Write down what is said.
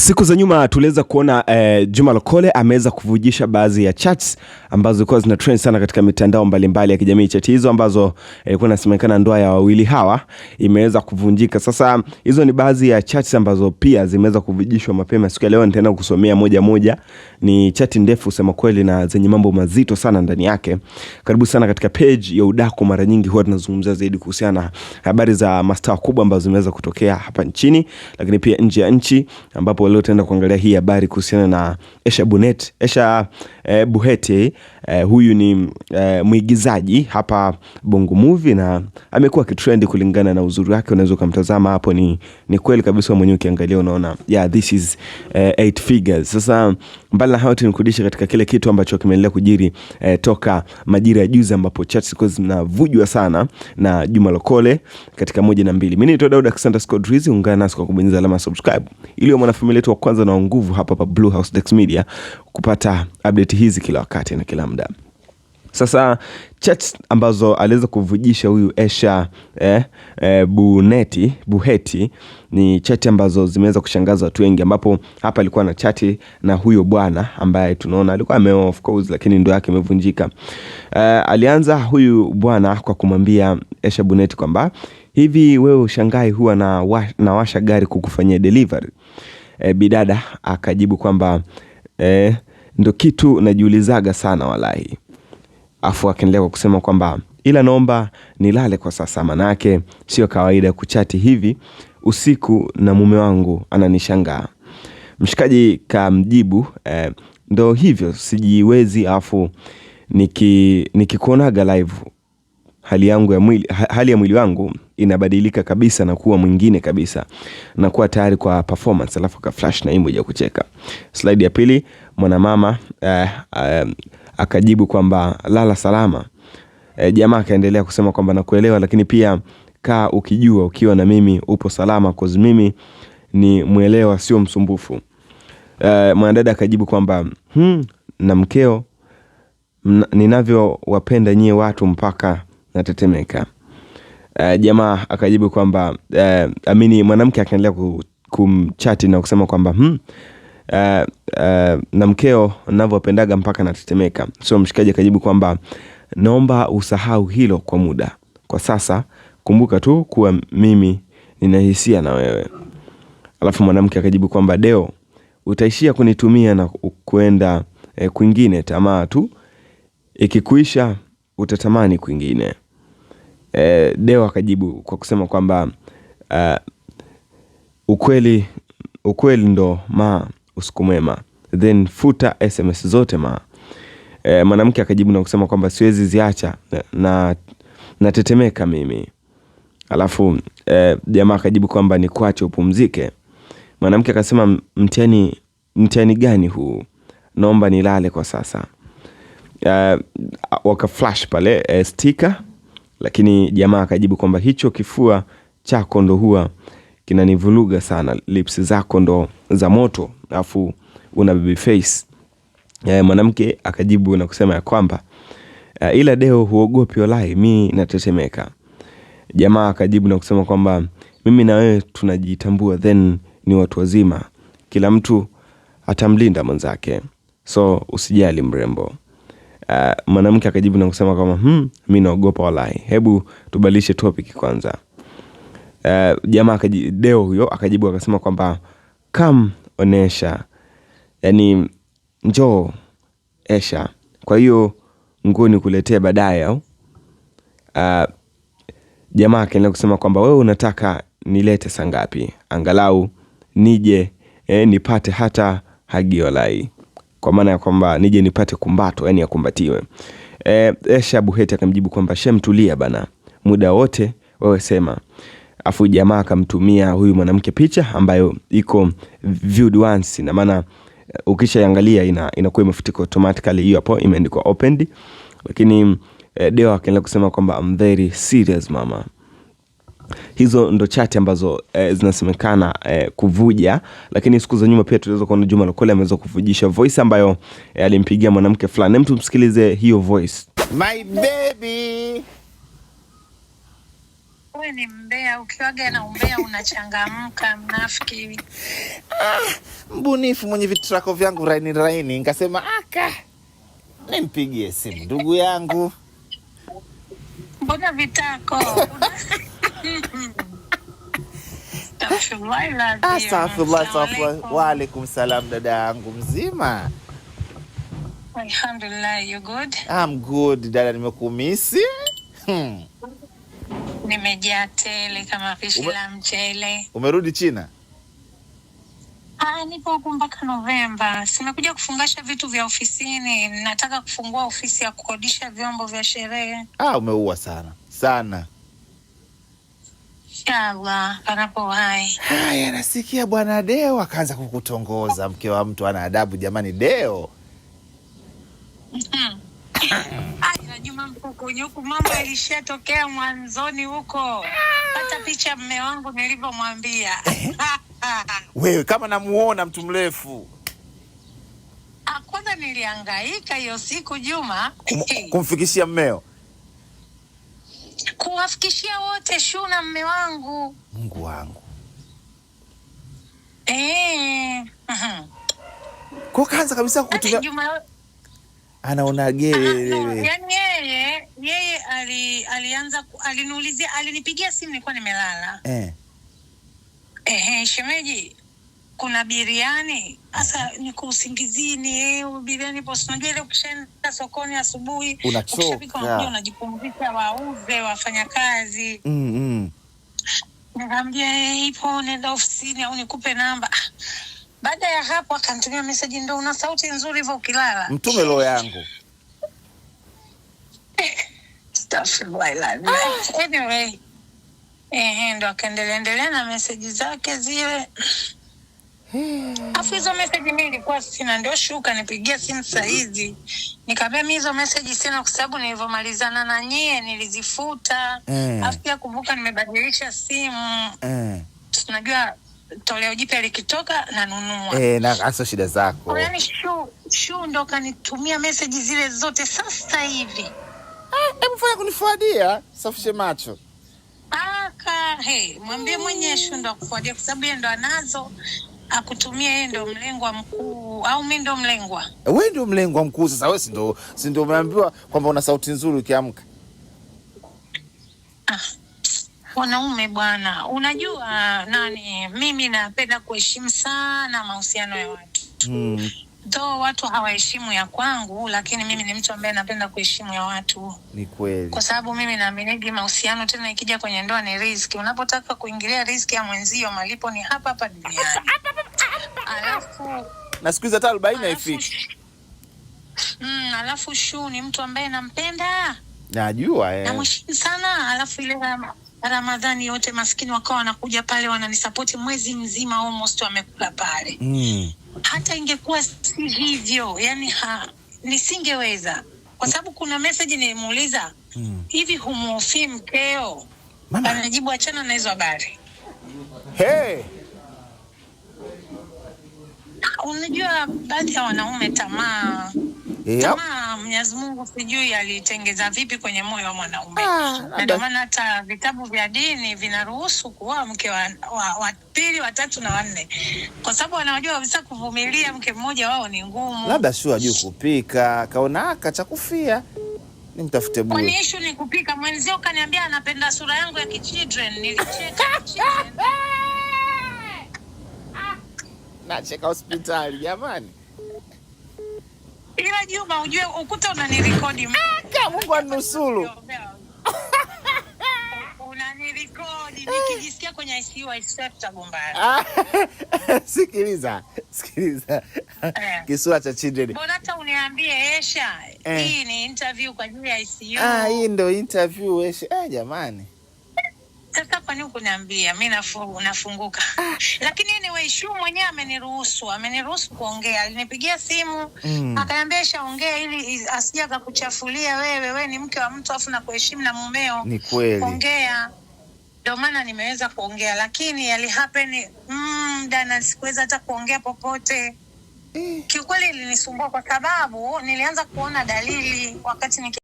Siku za nyuma tuliweza kuona eh, Juma Lokole ameweza kuvujisha baadhi ya chats ambazo zilikuwa zina trend sana katika mitandao mbalimbali mbali ya kijamii. Chat hizo ambazo eh, ilikuwa eh, inasemekana ndoa ya wawili hawa imeweza kuvunjika. Sasa hizo ni baadhi ya chats ambazo pia zimeweza kuvujishwa mapema siku ya leo. Nitaenda kusomea moja moja, ni chat ndefu sema kweli na zenye mambo mazito sana ndani yake. Karibu sana katika page ya Udaku, mara nyingi huwa tunazungumzia zaidi kuhusiana na habari za mastaa kubwa ambazo zimeweza kutokea hapa nchini, lakini pia nje ya nchi ambapo leo waliotaenda kuangalia hii habari kuhusiana na Esha Bunet, Esha eh, Buhete eh, huyu ni eh, mwigizaji hapa Bongo Movie na amekuwa kitrendi kulingana na uzuri wake. Unaweza ukamtazama hapo, ni, ni kweli kabisa mwenyewe ukiangalia unaona yeah, this is eh, eight figures. Sasa mbali na hayo tunikurudisha katika kile kitu ambacho kimeendelea kujiri eh, toka majira ya juzi ambapo chats zinavujwa sana na Juma Lokole katika moja na mbili. Mimi ni Dauda Alexander Scott Rizzi, ungana nasi kwa kubonyeza alama subscribe ili mwanafamilia wetu wa kwanza na nguvu hapa pa Blue House Dex Media kupata update hizi kila wakati na kila muda. Sasa chats ambazo aliweza kuvujisha huyu Esha eh, eh, Buneti, Buheti ni chati ambazo zimeweza kushangaza watu wengi, ambapo hapa alikuwa na chati na huyo bwana ambaye tunaona alikuwa ameo of course, lakini ndoa yake imevunjika. Eh, alianza huyu bwana kwa kumwambia Esha Buneti kwamba hivi wewe ushangai huwa na, wa, na washa gari kukufanyia delivery e, eh, bidada akajibu kwamba e, ndo kitu najiulizaga sana walahi. Afu akaendelea kwa kusema kwamba ila naomba nilale kwa sasa, manake sio kawaida kuchati hivi usiku na mume wangu ananishangaa. Mshikaji kamjibu e, ndo hivyo sijiwezi, afu nikikuonaga niki live hali yangu ya mwili, hali ya mwili wangu inabadilika kabisa na kuwa mwingine kabisa na kuwa tayari kwa performance, alafu ka flash na imbo ya kucheka. Slide ya pili, mwanamama eh, eh, akajibu kwamba lala salama. Eh, jamaa akaendelea kusema kwamba nakuelewa, lakini pia kaa ukijua ukiwa na mimi upo salama, cause mimi ni mwelewa, sio msumbufu. Eh, mwanadada akajibu kwamba hmm, na mkeo ninavyowapenda nyie watu mpaka natetemeka. Uh, jamaa akajibu kwamba uh, amini mwanamke akaendelea kumchati na kusema kwamba hmm, uh, uh, na mkeo navyopendaga mpaka natetemeka. So mshikaji akajibu kwamba naomba usahau hilo kwa muda, kwa sasa kumbuka tu kuwa mimi ninahisia na wewe. Alafu mwanamke akajibu kwamba Deo, utaishia kunitumia na kuenda eh, kwingine. Tamaa tu ikikuisha utatamani kwingine e, Deo akajibu kwa kusema kwamba uh, ukweli ukweli ndo ma usiku mwema, then futa sms zote ma. E, mwanamke akajibu na kusema kwamba siwezi ziacha na natetemeka na mimi. Alafu e, jamaa akajibu kwamba ni kuache upumzike. Mwanamke akasema mtihani mtihani gani huu? Naomba nilale kwa sasa. E, waka flash pale e, stika lakini jamaa akajibu kwamba hicho kifua chako ndo huwa kinanivuruga sana, lips zako ndo za moto, afu una baby face. E, mwanamke akajibu na kusema ya kwamba uh, ila Deo huogopi walai, mi natetemeka. Jamaa akajibu na kusema kwamba mimi na wewe tunajitambua, then ni watu wazima, kila mtu atamlinda mwenzake, so usijali mrembo. Uh, mwanamke akajibu na kusema kwamba hmm, mi naogopa walahi, hebu tubadilishe topic kwanza. Uh, jamaa Deo huyo akajibu akasema kwamba kam onesha, yani njoo esha, kwa hiyo nguo nikuletee baadaye au uh, jamaa akaendelea kusema kwamba wewe unataka nilete sangapi Angalau nije eh, nipate hata hagiolai kwa maana ya kwamba nije nipate kumbato, yani akumbatiwe. E, Esha Buheti akamjibu kwamba tulia bana, muda wote wewe sema. Afu jamaa akamtumia huyu mwanamke picha ambayo iko viewed once, na maana e, ukishaangalia ina inakuwa imefutika automatically, hiyo hapo imeandikwa opened, lakini e, Deo akaendelea kusema kwamba I'm very serious mama hizo ndo chati ambazo eh, zinasemekana eh, kuvuja, lakini siku za nyuma pia tuliweza kuona Juma Lokole ameweza kuvujisha voice ambayo eh, alimpigia mwanamke fulani. Hem, tumsikilize hiyo voice. My baby wewe ni mbea, ukiwaga na umbea unachangamka, mnafiki Ah, mbunifu mwenye vitrako vyangu raini raini, nikasema aka nimpigie simu ndugu yangu, mbona vitako Astafurlah, astafurlah. Wa alaikum salam, dada yangu mzima. Alhamdulillah, you good? I'm good. Dada, nimekumisi. Hmm. Nimejaa tele kama pishi la mchele. Umerudi China? Ah, nipo huku mpaka Novemba. Simekuja kufungasha vitu vya ofisini, nataka kufungua ofisi ya kukodisha vyombo vya sherehe. Ah, umeua sana sana. Inshallah panapo hai. Haya, nasikia bwana Deo akaanza kukutongoza. Mke wa mtu ana adabu jamani, Deo. Juma mhm. Mkukunyuku, mambo yalishatokea mwanzoni huko, hata picha mme wangu nilivyomwambia. Wewe kama namuona mtu mrefu ah, kwanza, niliangaika hiyo siku Juma kumfikishia mmeo kuwafikishia wote Shuna mme wangu. Mungu wangu e. Kwa kaanza kabisa yaani kutumia Juma... anaona gere ah, yani yeye yeye ali, alianza aliniulizia alinipigia simu nilikuwa nimelala e. Ehe, shemeji kuna biriani hasa niko usingizini eh, biriani po, unajua ile ukishaenda sokoni asubuhi ukishapika, unajua unajipumzisha, wauze wafanyakazi mm -hmm. Nikaambia eh, ipo, nenda ofisini au nikupe namba. Ah, baada ya hapo akanitumia meseji, ndo una sauti nzuri hivyo ukilala mtume roho yangu anyway, eh, ndo akaendelea endelea na meseji zake zile Afu hizo meseji mi ilikuwa sina, ndio shuka nipigia simu sahizi, nikaambia mi hizo meseji sina, kwa sababu nilivyomalizana na nyie nilizifuta. Eh. Afu pia kumbuka, nimebadilisha simu, eh. tunajua toleo jipya likitoka nanunua eh, na hasa shida zako. Yani shu shu ndo kanitumia meseji zile zote sasa hivi. Ah, hebu fanya kunifuadia, safishe macho aka, hey, mwambie mwenye shu ndo akufuadia, kwa sababu yeye ndo anazo akutumia yeye ndo mlengwa mkuu au mimi ndo mlengwa? Wewe ndo mlengwa mkuu. Sasa wewe si ndo si ndo umeambiwa kwamba una sauti nzuri ukiamka? Ah, wanaume bwana, unajua nani, mimi napenda kuheshimu sana mahusiano ya watu hmm. Do, watu hawaheshimu ya kwangu, lakini mimi ni mtu ambaye napenda kuheshimu ya watu. Ni kweli, kwa sababu mimi naaminigi mahusiano, tena ikija kwenye ndoa ni riziki. Unapotaka kuingilia riziki ya mwenzio, malipo ni hapa hapa duniani na siku hizi hata arobaini haifiki. Mm, alafu Shuu ni mtu ambaye nampenda, najua eh, namheshimu sana. Alafu ile Ramadhani yote maskini wakawa wanakuja pale wananisapoti mwezi mzima, almost wamekula pale mm. Hata ingekuwa si hivyo, yani ha, nisingeweza kwa sababu kuna message nilimuuliza mm. hivi humuhofii mkeo? Anajibu achana na hizo habari hey. Unajua baadhi ya wanaume tamaa yep. Tamaa Mwenyezi Mungu sijui alitengeza vipi kwenye moyo wa mwanaume ah, na ndio maana hata vitabu vya dini vinaruhusu kuoa mke wa, wa, wa pili wa tatu na wanne, kwa sababu wanajua kabisa kuvumilia mke mmoja wao ni ngumu. Labda si wajui kupika, kaona akachakufia ah, nimtafute bure. Kwani issue ni kupika? Mwenzio kaniambia anapenda sura yangu ya kichildren, nilicheka nacheka hospitali jamani. Ila Juma, ujue ukuta unanirekodi ah, Mungu anusuru unanirekodi nikijisikia kwenye ICU sitakugombana. Ah, sikiliza, sikiliza eh. kisura cha children. Mbona hata uniambie Esha, eh. hii ni interview kwa ajili ya ICU. Ah, hii ndio interview Esha. Ah, jamani sasa kwa nini kuniambia? Mi nafunguka ah. Lakini anyway, Shu mwenyewe ameniruhusu ameniruhusu kuongea, alinipigia simu mm. Akaniambia shaongea ili asija akakuchafulia wewe, we ni mke wa mtu afu na kuheshimu na mumeo. Ni kweli, ongea. Ndio maana nimeweza kuongea, lakini yali happen muda mm, na sikuweza hata kuongea popote mm. Kiukweli ilinisumbua kwa sababu nilianza kuona dalili wakati